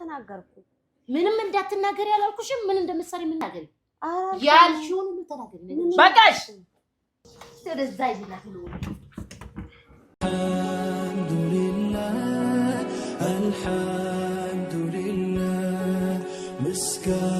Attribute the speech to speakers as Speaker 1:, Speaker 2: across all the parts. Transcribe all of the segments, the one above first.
Speaker 1: ተናገርኩ።
Speaker 2: ምንም እንዳትናገር ያላልኩሽም ምን እንደምትሰሪ የምናገሪ
Speaker 1: ያልሽውን ሁሉ ተናገሪ።
Speaker 2: በቃሽ። ስለዛ ይላል
Speaker 3: አልሐምዱሊላህ አልሐምዱሊላህ ምስጋና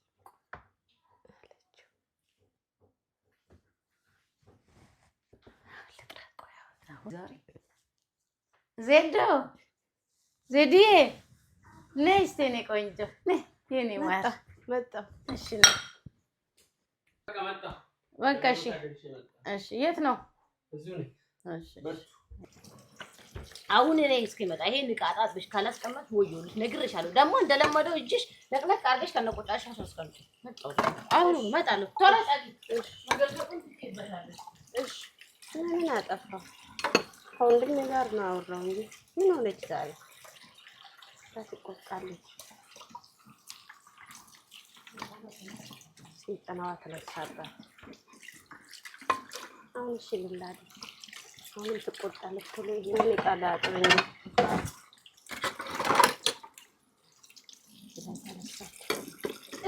Speaker 2: ዜዶ ዜድዬ ነይ እስኪ የእኔ ቆንጆ የእኔ ማር በቃ እሺ። የት ነው? አሁን እኔ እስኪመጣ ይሄን ዕቃ አጣጥብሽ ካላስቀመጥሽ ወዮልሽ። ነግሬሻለሁ። ደግሞ እንደለመደው እጅሽ ለቅለቅ አድርገሽ ከነቆጫሽ አስቀምጪ። አሁን እመጣለሁ።
Speaker 1: ቶሎ ምን አጠፋሁ? ከወንድሜ ጋር ነው አወራው እንጂ ምን ሆነች ዛሬ ታስቆጣለች። ሲጠናዋ ተለሳባት። አሁን እሺ ልላለ አሁንም ትቆጣለች። ቶሎ ይህንን የቃለ አጥብኝ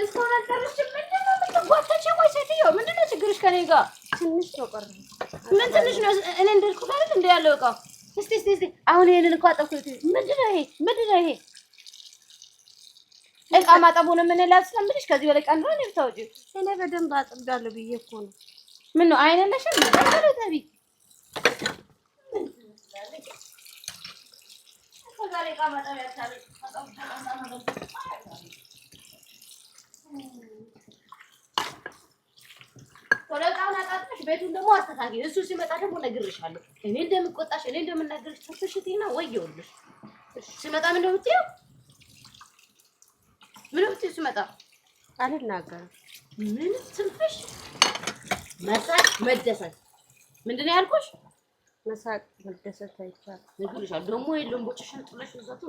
Speaker 2: እስከሆነ ደርሽ ምንድነው የምትጓተች? ወይ ሴትዮ ምንድነው ችግርሽ? ከኔ ጋር
Speaker 1: ትንሽ ነው ቀረ
Speaker 2: ምን ትንሽ ነው። እኔ እንደልኩት አይደል እንደ ያለው እቃው። እስቲ እስቲ እስቲ አሁን ይሄንን እኮ አጠብኩት። ምንድን ነው ይሄ? ምንድን ነው ይሄ? እቃ ማጠቡን የምንላት ስለምልሽ ከዚህ በላይ ቀን ነው ብታወጪ።
Speaker 1: እኔ በደንብ አጥብዳለሁ ብዬ እኮ ነው።
Speaker 2: ምን ነው አይነለሽም? ተቢ ዛሬ እቃ ማጠብ ያቻለ ቆለጣውን አጣጥሽ ቤቱን ደግሞ አስተካክል። እሱ ሲመጣ ደግሞ እነግርሻለሁ፣ እኔ እንደምቆጣሽ እኔ እንደምናገርሽ ትፍሽቲና ወይ ይኸውልሽ፣ ሲመጣ ምን ነው የምትይው? ምን ነው ሲመጣ
Speaker 1: አልናገርም።
Speaker 2: ምን ትንፍሽ መሳቅ መደሰት ምንድን ነው ያልኩሽ?
Speaker 1: መሳቅ መደሰት አይቻልም።
Speaker 2: እነግርሻለሁ ደግሞ የለም ቦጭሽን ጥለሽ ወዛቱ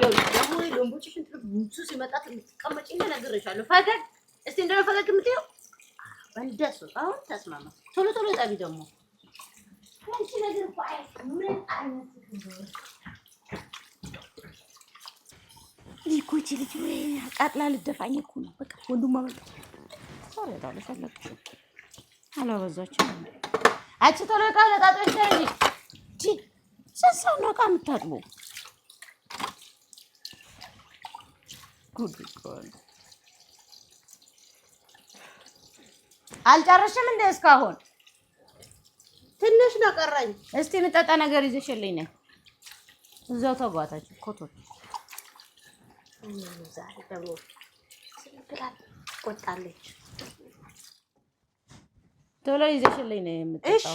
Speaker 2: ደግሞ የለም ቦጭሽን ጥለሽ ሲመጣ ትቀመጪና እነግርሻለሁ ፈገግ እስቲ እንደው ፈገግ የምትይው እንደሱ አሁን ተስማማ። ቶሎ ቶሎ ጠቢ ደግሞ
Speaker 1: ይኮቺ ልጅ አቃጥላ ልደፋኝ እኮ ነው። በቃ ወንዱማ በቃ ሶሪ ታውለ ሰለኩ አላበዛችም።
Speaker 2: አንቺ ቶሎ ዕቃ ለጣጣሽ ተረጂ ቺ ሰሰው ነው ዕቃ የምታጥበው ጉድ እኮ አልጨረስሽም እንደ እስካሁን
Speaker 1: ትንሽ ነው ቀረኝ።
Speaker 2: እስቲ የምጠጣ ነገር ይዘሽልኝ ነይ። እዛው ተጓታች ኮቶች ቆጣለች። ቶሎ ይዘሽልኝ ነይ የምጠጣው እሺ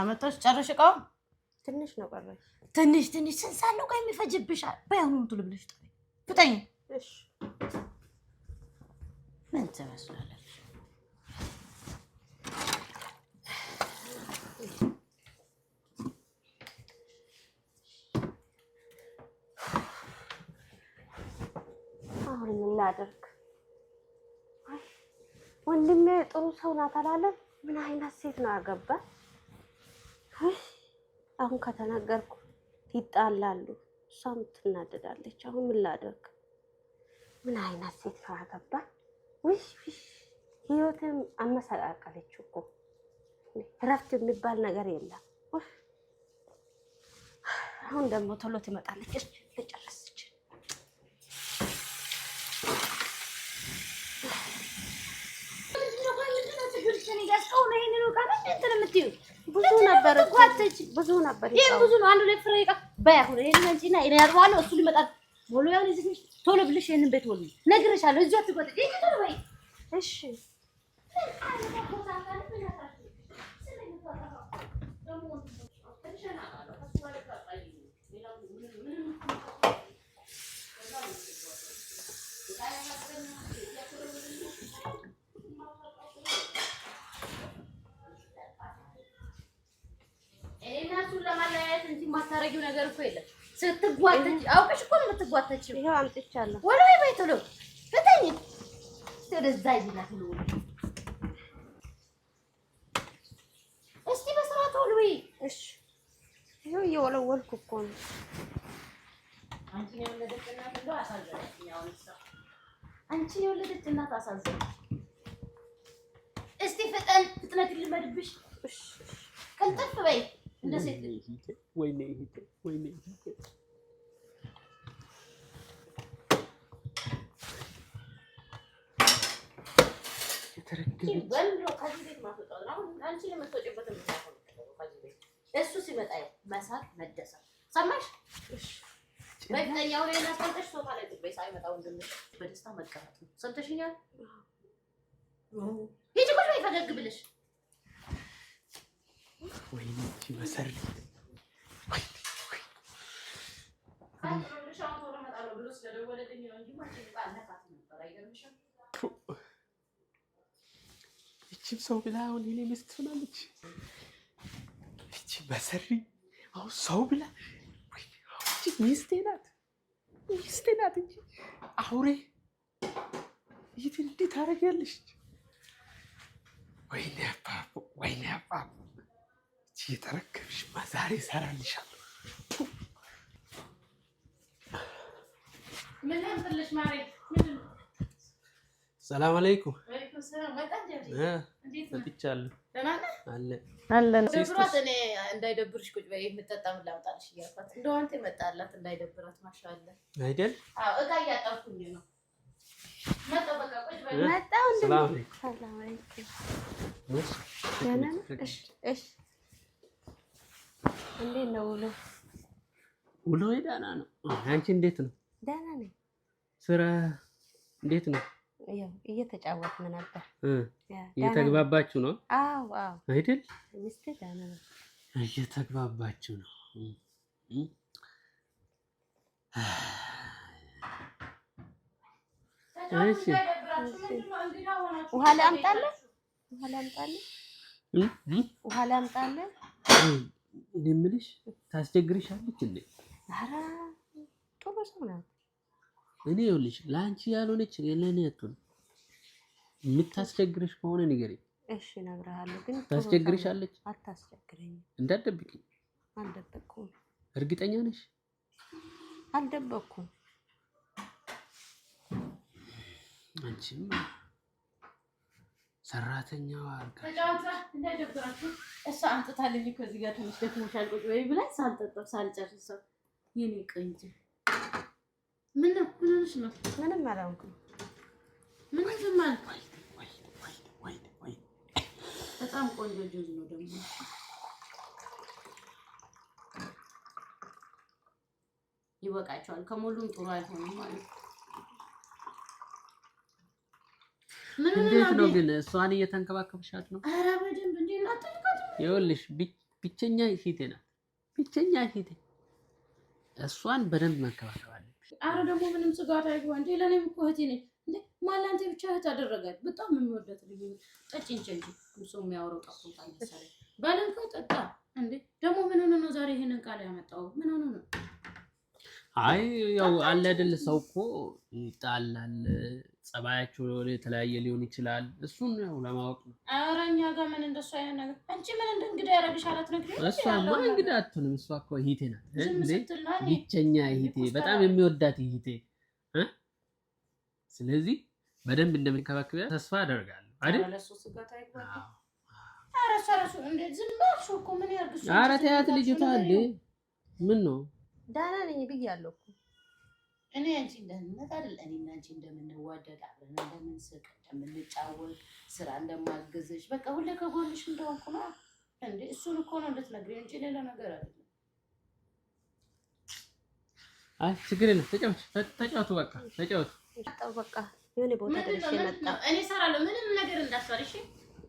Speaker 2: አመጣሽ? ጨረሽ? እቃው
Speaker 1: ትንሽ ነው ቀረሽ?
Speaker 2: ትንሽ ትንሽ ስንት ሰዓት ነው ቆይ የሚፈጅብሻል? በያሁኑ እንትን ልብለሽ ጠ ፍጠኝ። ምን ትመስላለች?
Speaker 1: አሁን የምናደርግ ወንድሜ ጥሩ ሰው ናት አላለም? ምን አይነት ሴት ነው ያገባ አሁን ከተናገርኩ ይጣላሉ፣ እሷም ትናደዳለች። አሁን ምን ላደርግ? ምን አይነት ሴት ካገባ ውሽ ውሽ ህይወትን አመሰቃቀለች እኮ እረፍት የሚባል ነገር የለም። አሁን ደግሞ ቶሎ ትመጣለች። እሺ ልጨርስች ሰው ነው ይሄንን ብዙ ነበር
Speaker 2: ብዙ ነበር። ይሄ ብዙ ነው። አንድ ሁለት ፍሬ ይቀር በይ። አሁን ይሄን እንጂ እና እኔ ያርባለሁ እሱ ሊመጣ ቶሎ ያው ልጅ ቶሎ ብልሽ ይሄንን ቤት ወሉ ነግሬሻለሁ። እዚህ አትቆጥ ይሄ ቶሎ በይ እሺ እነሱን ለማለያየት እንጂ የማታረጊው ነገር እኮ የለም። ስትጓተች አውቀሽ እኮ ነው የምትጓተችው።
Speaker 1: ይኸው አምጥቻለሁ።
Speaker 2: ወላሂ በይ ቶሎ ብተኝ ወደዛ ይላት ነው። እስቲ በስርዓት ቶሎ በይ።
Speaker 1: እሺ ይኸው እየወለወልኩ እኮ
Speaker 2: አንቺን የወለደች እናት አሳዘነች። እስቲ ፍጠን ፍጥነት ልመድብሽ። ቅልጥፍ በይ እንደ ሴት ልጅ ወይኔ እሱ ሲመጣ መሳት መደሰት ሰማሽ? በእኛው ላይ እናስቀምጠሽ ሶፋ ላይ ቁጭ ሳይመጣ ወንድምሽ በደስታ መቀመጥ ነው። ሰምተሽኛል? ይቺም ሰው ብላ አሁን የኔ ሚስት ትሆናለች። ይቺም በሰሪ አሁን ሰው ብላ ሚስቴ ናት፣ ሚስቴ ናት እንጂ አውሬ ይት እንዴት አደረገልሽ? ወይኔ አባቡ፣ ወይኔ አባቡ የተረከብሽማ ዛሬ እሰራልሻለሁ።
Speaker 4: ሰላም አለይኩም።
Speaker 1: አለን
Speaker 2: እኔ እንዳይደብርሽ ቁጭ በይ የምጠጣ ላምጣልሽ እያልኳት እንደው አንተ የመጣላት እንዳይደብራት ማሻአላ አይደል? እቃ እያጠብኩኝ ነው። መጣሁ በቃ ቁጭ በይ
Speaker 1: መጣሁ። ሰላም አለይኩም። ሰላም አለይኩም። እንዴት ነው ውሎ?
Speaker 4: ውሎ ደህና ነው። አንቺ እንዴት ነው? ደህና ነኝ። ስራ እንዴት ነው?
Speaker 1: እየተጫወትን ነበር።
Speaker 4: እየተግባባችሁ ነው? አዎ አዎ። አይደል?
Speaker 1: ሚስቴ ደህና ነው።
Speaker 4: እየተግባባችሁ ነው።
Speaker 1: ውሃ ላምጣልህ? ውሃ ላምጣልህ? ውሃ ላምጣልህ?
Speaker 4: እኔ የምልሽ ታስቸግርሻለች እንዴ?
Speaker 1: ኧረ ጥሩ ሰው ናት።
Speaker 4: እኔ ይኸውልሽ ለአንቺ ያልሆነች ለእኔ አትሆንም። የምታስቸግርሽ ከሆነ ንገሪኝ።
Speaker 1: እሺ እነግርሃለሁ። ግን
Speaker 4: ታስቸግርሻለች።
Speaker 1: አታስቸግረኝ።
Speaker 4: እንዳትደብቂኝ።
Speaker 1: አልደበቅኩም።
Speaker 4: እርግጠኛ ነሽ?
Speaker 1: አልደበቅኩም።
Speaker 4: አንቺም ሰራተኛዋ
Speaker 2: ተጫውታ እሷ ጋር ቁጭ ሳልጠጠብ ሳልጨርስ ሰው የኔ ምን ነው? ምንም
Speaker 1: ምን በጣም ቆንጆ ጁዝ ነው ደግሞ
Speaker 2: ይወቃቸዋል። ከሞሉም ጥሩ አይሆንም ማለት ነው።
Speaker 4: እንዴት ነው ግን እሷን እየተንከባከብሻት ነው?
Speaker 1: ኧረ በደንብ እንዴት ናት? ይኸውልሽ ብቸኛ ሂቴ ናት። ብቸኛ ሂቴ እሷን በደንብ መንከባከብ አለብሽ። ኧረ ደግሞ ምንም ስጋት አይግባ እንዴ። ለእኔም እኮ እህቴ ነች እንዴ። ማላንቴ ብቻ እህት አደረጋት። በጣም የሚወደት ልጅ ጠጭ እንጂ ሰው የሚያወራው ጠፍቶታል መሰለኝ። በል እንኳ ጠጣ እንዴ። ደግሞ ምን ሆነ ነው ዛሬ ይሄንን ቃል ያመጣው? ምን ሆነ ነው አይ ያው አለ አይደል ሰው እኮ ይጣላል፣ ጸባያቸው የተለያየ ሊሆን ይችላል። እሱን ያው ለማወቅ ነው። ኧረ እኛ ጋር ምን እንደሱ አይነት ነገር አንቺ ምን እንደ እንግዳ ያደረግሽ አላት ነው። እሷማ እንግዳ አትሆንም። እሷ እኮ እህቴ ናት፣ ብቸኛ እህቴ፣ በጣም የሚወዳት እህቴ። ስለዚህ በደንብ እንደምንከባከብ ተስፋ አደርጋለሁ አይደል? ኧረ ተያት ልጅቷ። ምን ነው ደህና ነኝ ብያለሁ እኮ እኔ አንቺ እንደምንነት አይደል? እኔ እና አንቺ እንደምንዋደድ አብረን እንደምንስቅ እንደምንጫወት ስራ እንደማገዘሽ በቃ ሁሌ ከጎንሽ እንደሆንኩ ነው። እንዴ እሱን እኮ ነው እንድትነግሪኝ እንጂ ሌላ ነገር አይደለም። አይ ችግር የለም። ተጫወቱ በቃ ተጫወቱ። በቃ የሆነ ቦታ ደርሼ መጣሁ። እኔ እሰራለሁ። ምንም ነገር እንዳትሰሪ እሺ።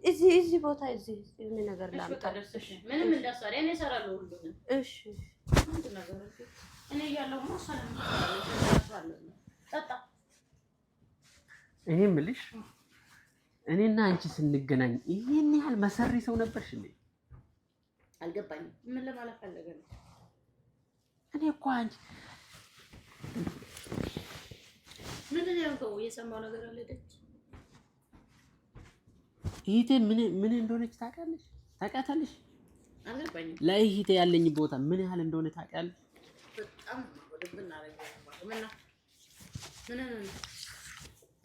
Speaker 1: እዚህ እዚህ ቦታ እዚህ የሆነ ነገር ላምጣ። ምንም እንዳትሰሪ እኔ እሰራለሁ ሁሉንም። እሺ እኔ የምልሽ እኔና አንቺ ስንገናኝ ይህን ያህል መሰሪ ሰው ነበርሽ እንዴ? አልገባኝም። ምን ለማለት ፈለገ ነው? እኔ እኮ አንቺ ምንድን ነው ያልከው? የሰማው ነገር አለ። ደች ይሄ ምን ምን እንደሆነች ታውቃለሽ? ታውቃታለሽ ለእህቴ ያለኝ ቦታ ምን ያህል እንደሆነ ታውቂያለሽ?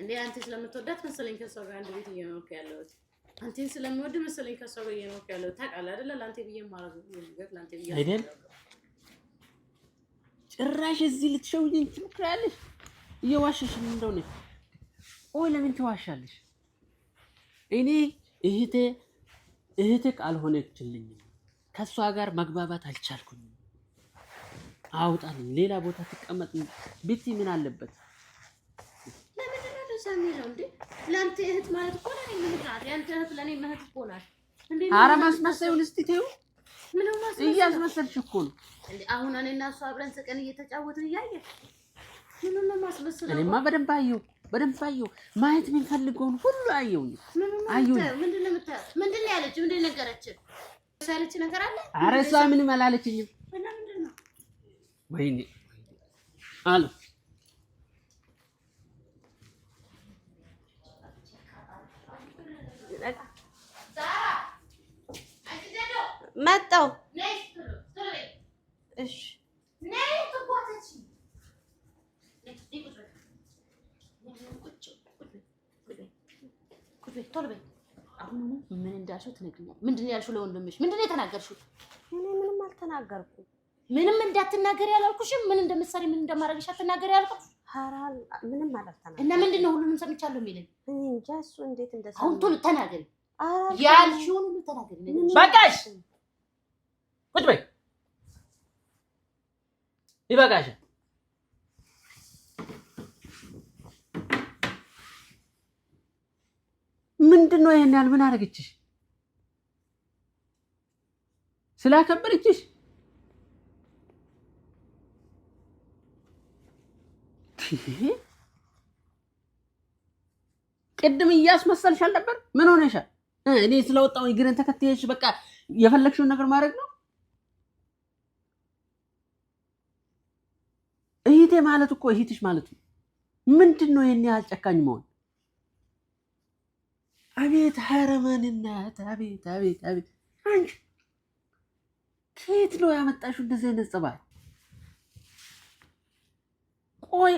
Speaker 1: እንዴ አንተ ስለምትወዳት መሰለኝ ከሷ ጋር አንድ ቤት እየኖርክ ያለሁት። አንተን ስለምወድ መሰለኝ ከሷ ጋር እየኖርክ ያለሁት። ታውቃለህ አይደለ? ለአንተ ብዬ ማረግ ለአንተ ብዬ አይደል? ጭራሽ እዚህ ልትሸውይኝ ትሞክሪያለሽ። እየዋሸሽን እንደሆነ ኦ፣ ለምን ትዋሻለሽ? እኔ እህቴ እህቴ ካልሆነችልኝም ከእሷ ጋር መግባባት አልቻልኩኝም። አውጣልኝ፣ ሌላ ቦታ ትቀመጥ ብቲ ምን አለበት? ለአንተ እህት ማለት እኮ ማስመሰዩን እስኪ ተይው። እያስመሰልሽ እኮ ነው። አሁን እኔ እና እሱ አብረን ስቀን እየተጫወትን እያየህ ምኑን ነው እኔማ በደንብ አየሁ፣ በደንብ አየሁ። ማየት የሚፈልገውን ሁሉ አየሁኝ፣ አየሁኝ። ምንድን ነው ያለችው? ምንድን ነው የነገረችህ? ሳለች ነገር አለ። ኧረ እሷ ምንም አላለችኝም። ወይኔ አሉ መጣሁ። እሺ ቶሎ በይ አሁን ምን እንዳልሽው ትነግሪኛለሽ። ምንድን ነው ያልሽው ለወንድምሽ? ምንድን ነው የተናገርሽው? እኔ ምንም አልተናገርኩም። ምንም እንዳትናገሪ ያላልኩሽም ምን እንደምትሰሪ ምን እንደማደርግሽ አትናገሪ ያልኩሽ ምንም አላልተናገርኩም። እና ምንድን ነው ሁሉንም ሰምቻለሁ የሚለኝ? እኔ እንጃ እሱ እንዴት እንደሰማ። አሁን ቶሎ ተናገሪ፣ ያልሽውን ሁሉ ተናገሪ። በቃሽ፣ ቁጭ በይ፣ ይበቃሻል። ምንድን ነው ይሄን ያህል ምን አደረገችሽ? ስላከበረችሽ ቅድም እያስመሰልሽ አልነበር? ምን ሆነሻል? እኔ ስለወጣው ግርን ተከትየሽ በቃ የፈለግሽውን ነገር ማድረግ ነው። እህቴ ማለት እኮ እህትሽ ማለት ነው። ምንድን ነው ይሄን ያህል ጨካኝ መሆን አቤት ሀረመንናት! አቤት አቤት አቤት! አንቺ ከየት ነው ያመጣሽው እንደዚህ አይነት ጸባይ? ቆይ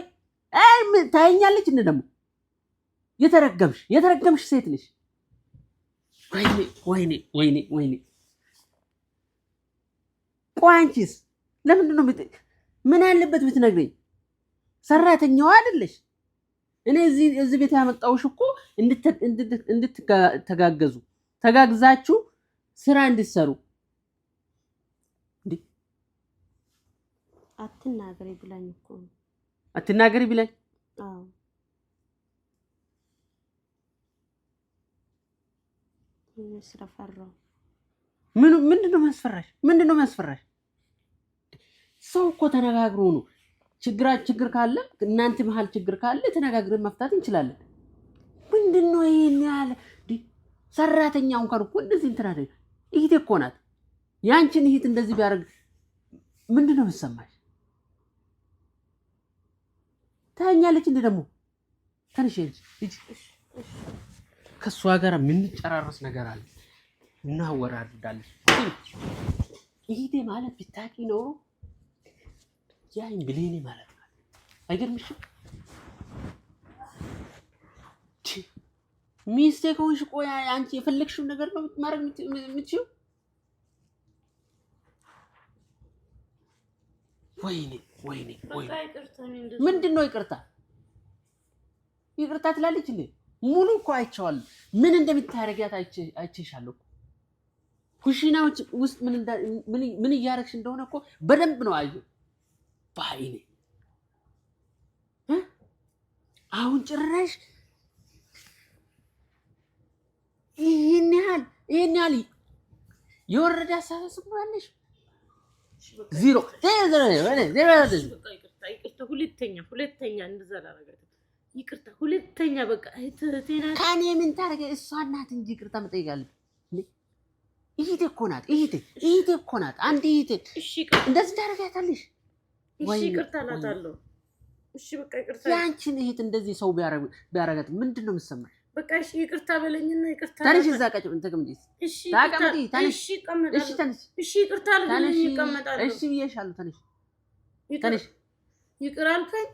Speaker 1: ታየኛለች እንደ ደግሞ የተረገምሽ የተረገምሽ ሴት ነሽ። ወይኔ ወይኔ ወይኔ ወይኔ! ቆይ አንቺስ ለምንድን ነው ምን አለበት ብትነግረኝ? ሰራተኛዋ አይደለሽ? እኔ እዚህ ቤት ያመጣውሽ እኮ እንድትተጋገዙ ተጋግዛችሁ ስራ እንድትሰሩ አትናገሪ ብለኝ እኮ ነው። አትናገሪ ብላኝ? አዎ። ምንድን ነው የሚያስፈራሽ? ሰው እኮ ተነጋግሮ ነው ችግራ ችግር ካለ እናንተ መሀል ችግር ካለ ተነጋግረን መፍታት እንችላለን። ምንድን ነው ይህን ያለ ሰራተኛ እንኳን እኮ እንደዚህ እንትን አለ እህቴ እኮ ናት። ያንቺን እህት እንደዚህ ቢያደርግ ምንድን ነው የምትሰማሽ? ታኛለች እንደ ደግሞ ተንሽ ልጅ ከእሷ ጋር የምንጨራረስ ነገር አለ እናወራርዳለች። ይሄ ማለት ቢታቂ ኖሮ ያ ብሌኒ ማለት ነው። አይገርምሽም? ሚስቴ ከሆንሽ ቆይ አንቺ የፈለግሽው ነገር ነው ማድረግ የምትችይው። ወይኔ ወይኔ ወይኔ! ምንድን ነው ይቅርታ ይቅርታ ትላለች እንዴ? ሙሉ እኮ አይቼዋለሁ። ምን እንደምታረጊያት አይቼሻለሁ። ኩሽና ውስጥ ምን እያደረግሽ እንደሆነ እኮ በደንብ ነው አየሁ። ባይ አሁን ጭራሽ ይህን ያህል ይህን ያህል የወረደ አሳሳስብ ያለሽ ዜሮ ሁለተኛ ሁለተኛ እንደዛ ላረጋት ይቅርታ ሁለተኛ በቃ ከእኔ ምን ታደርገ እሷ እናት እንጂ ይቅርታ መጠይቃለች። እህቴ እኮ ናት። እህቴ እህቴ እኮ ናት። አንድ እህቴ እንደዚህ ታደርጋታለሽ እሺ ይቅርታ እላታለሁ። እሺ በቃ ይቅርታ። ያንቺን እህት እንደዚህ ሰው ቢያረጋት ምንድን ነው የምትሰማሽ? በቃ እሺ ይቅርታ በለኝና ይቅርታ። ተነሽ፣ እዛ ቀጭ ተቀምጪ። እሺ ይቅርታ ልበለኝ፣ ይቀመጣለሁ። እሺ ብዬሻለሁ። ተነሽ፣ ተነሽ ይቅር አልከኝ።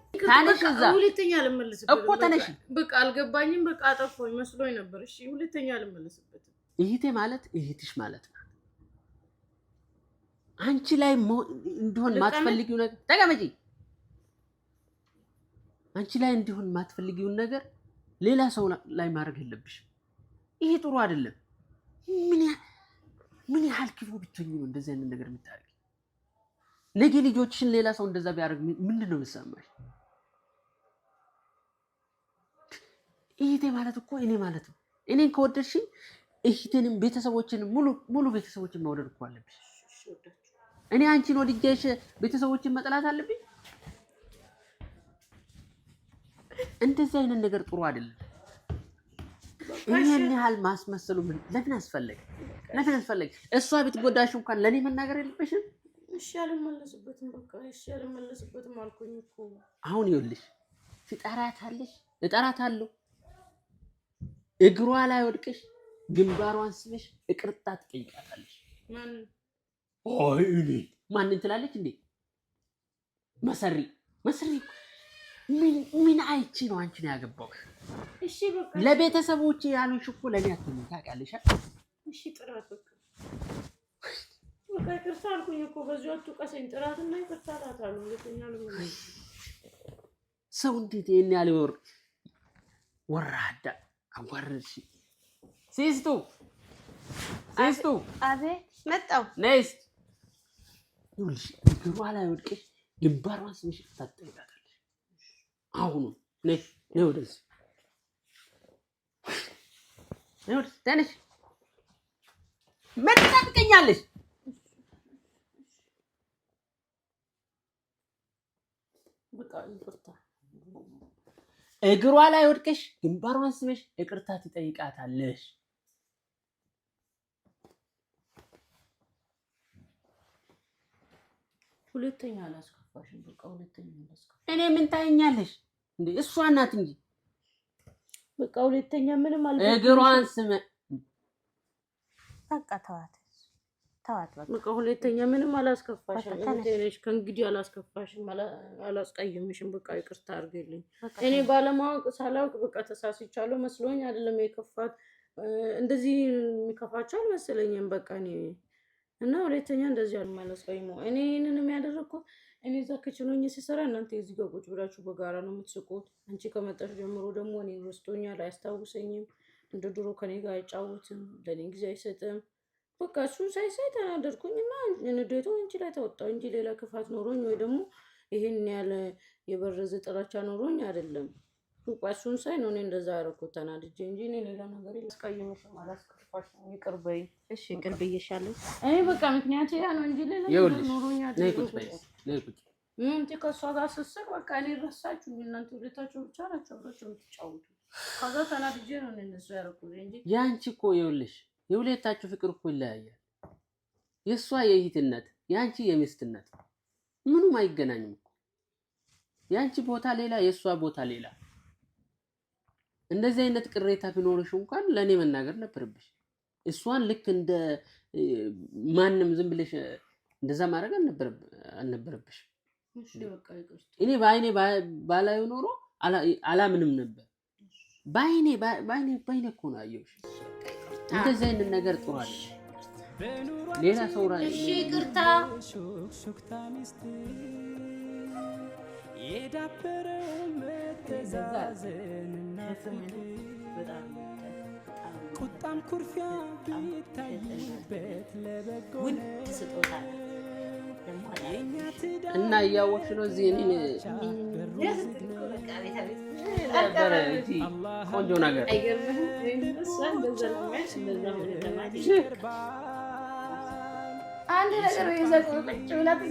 Speaker 1: ሁለተኛ አልመለስበትም እኮ ተነሽ። በቃ አልገባኝም። በቃ አጠፋኝ መስሎኝ ነበር። እሺ ሁለተኛ አልመለስበትም። እህቴ ማለት እህትሽ ማለት ነው አንቺ ላይ እንዲሆን ማትፈልጊው ነገር ተቀመጪ። አንቺ ላይ እንዲሆን ማትፈልጊውን ነገር ሌላ ሰው ላይ ማድረግ የለብሽ። ይሄ ጥሩ አይደለም። ምን ያህል ክፉ ብትኝ ነው እንደዚህ አይነት ነገር የምታደርጊ? ነገ ልጆችሽን ሌላ ሰው እንደዛ ቢያደርግ ምንድን ነው የምትሰማሽ? እህቴ ማለት እኮ እኔ ማለት ነው። እኔን ከወደድሽኝ እህቴንም ቤተሰቦችንም ሙሉ ቤተሰቦችን መውደድ እኮ አለብሽ። እኔ አንቺን ወድጄሽ ቤተሰቦችን መጥላት አለብኝ? እንደዚህ አይነት ነገር ጥሩ አይደለም። ይህን ያህል ማስመሰሉ ለምን አስፈለገ? ለምን አስፈለገ? እሷ ብትጎዳሽ እንኳን ለእኔ መናገር የለብሽም። እሺ አልመለስበትም፣ በቃ እሺ አልመለስበትም አልኩኝ እኮ። አሁን ይኸውልሽ ትጠራታለሽ፣ እጠራታለሁ፣ እግሯ ላይ ወድቀሽ ግንባሯን ስበሽ ይቅርታ ትጠይቃታለሽ። እኔ ማንን ትላለች እንዴ? መሰሪ መሰሪ ምን አይቺ ነው አንቺ ነው ያገባው? እሺ በቃ ለቤተሰቦች ያሉሽ እኮ ለኔ ታውቂያለሽ። እሺ ጥራት በቃ ይቅርታ አልኩኝ እኮ በዚሁ አትውቀሰኝ። ጥራት እና ይቅርታ እላታለሁ። ሁለተኛ ሰው እንዴት ያለ ወር ወራዳ አዋረድሽ። ሲስቱ ሲስቱ፣ አቤት መጣው ነይስ ይኸውልሽ እግሯ ላይ ወድቀሽ ግንባሯን ስንሽ ታጠይቃታለሽ። አሁኑ ነይ ነይ ወደዚህ ነይ ተነሽ። መጣ ትቀኛለሽ። እግሯ ላይ ወድቀሽ ግንባሯን ስበሽ ይቅርታ ትጠይቃታለሽ። ሁለተኛ አላስከፋሽም። በቃ ሁለተኛ አላስከፋሽም። እኔ ምን እንዴ? እሷ ናት እንጂ በቃ ሁለተኛ ምንም አልገ እግሯን ስመ በቃ ተዋት ተዋት። በቃ ሁለተኛ ምንም አላስከፋሽም። ከእንግዲህ አላስከፋሽም፣ አላስቀይምሽም። በቃ ይቅርታ አድርገልኝ። እኔ ባለማወቅ ሳላውቅ በቃ ተሳስቻለሁ መስሎኝ አይደለም የከፋት እንደዚህ የሚከፋቸው አልመሰለኝም። በቃ እኔ እና ሁለተኛ እንደዚህ አሉ ማለስቀይሞ እኔ ይህንን የሚያደረግኩ እኔ እዛ ክችሎኝ ሲሰራ እናንተ የዚህ ጋር ቁጭ ብላችሁ በጋራ ነው የምትስቁት። አንቺ ከመጣሽ ጀምሮ ደግሞ እኔ ረስቶኛል፣ አያስታውሰኝም፣ እንደ ድሮ ከኔ ጋር አይጫወትም፣ ለእኔ ጊዜ አይሰጥም። በቃ እሱን ሳይሳይ ተናደድኩኝ እና ንዴቱ አንቺ ላይ ተወጣው እንጂ ሌላ ክፋት ኖሮኝ ወይ ደግሞ ይህን ያለ የበረዘ ጥላቻ ኖሮኝ አይደለም። ቁቋሹን ሳይ ነው እኔ እንደዛ ያደረኩት ተናድጄ እንጂ እኔ ሌላ ነገር አላስቀይምሽም፣ አላስከፋሽም። ይቅር በይ እሺ፣ ይቅር ብዬሻለሁ። እኔ በቃ ምክንያት ያ ነው እንጂ ሌላ ነገር ከእሷ ጋር ስትስቅ በቃ እኔ ረሳችሁ፣ እናንተ ሁለታችሁ ብቻ ናችሁ አብራችሁ የምትጫወቱ። ከዛ ተናድጄ ነው እኔ እንደዛ ያደረኩት እንጂ ያንቺ እኮ ይኸውልሽ፣ የሁለታችሁ ፍቅር እኮ ይለያያል። የእሷ የእህትነት የአንቺ የሚስትነት ምኑም አይገናኝም እኮ። የአንቺ ቦታ ሌላ፣ የእሷ ቦታ ሌላ እንደዚህ አይነት ቅሬታ ቢኖርሽ እንኳን ለእኔ መናገር ነበረብሽ። እሷን ልክ እንደ ማንም ዝም ብለሽ እንደዛ ማድረግ አልነበረብሽ። እኔ በአይኔ ባላዩ ኖሮ አላምንም ነበር። በአይኔ በአይኔ እኮ ነው አየሁሽ። እንደዚህ አይነት ነገር ጥሩ አለ ሌላ ሰው ራ የዳበረውን መተዛዘንና ቁጣም ኩርፊያ ቢታይበት ለበጎ እና እያወቅሽ ነው እዚህ ነበረ ቆንጆ ነገር አንድ ነገር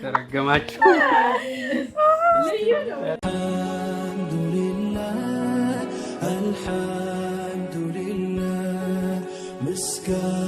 Speaker 1: ተረገማችሁ። አልሐምዱሊላህ ምስጋና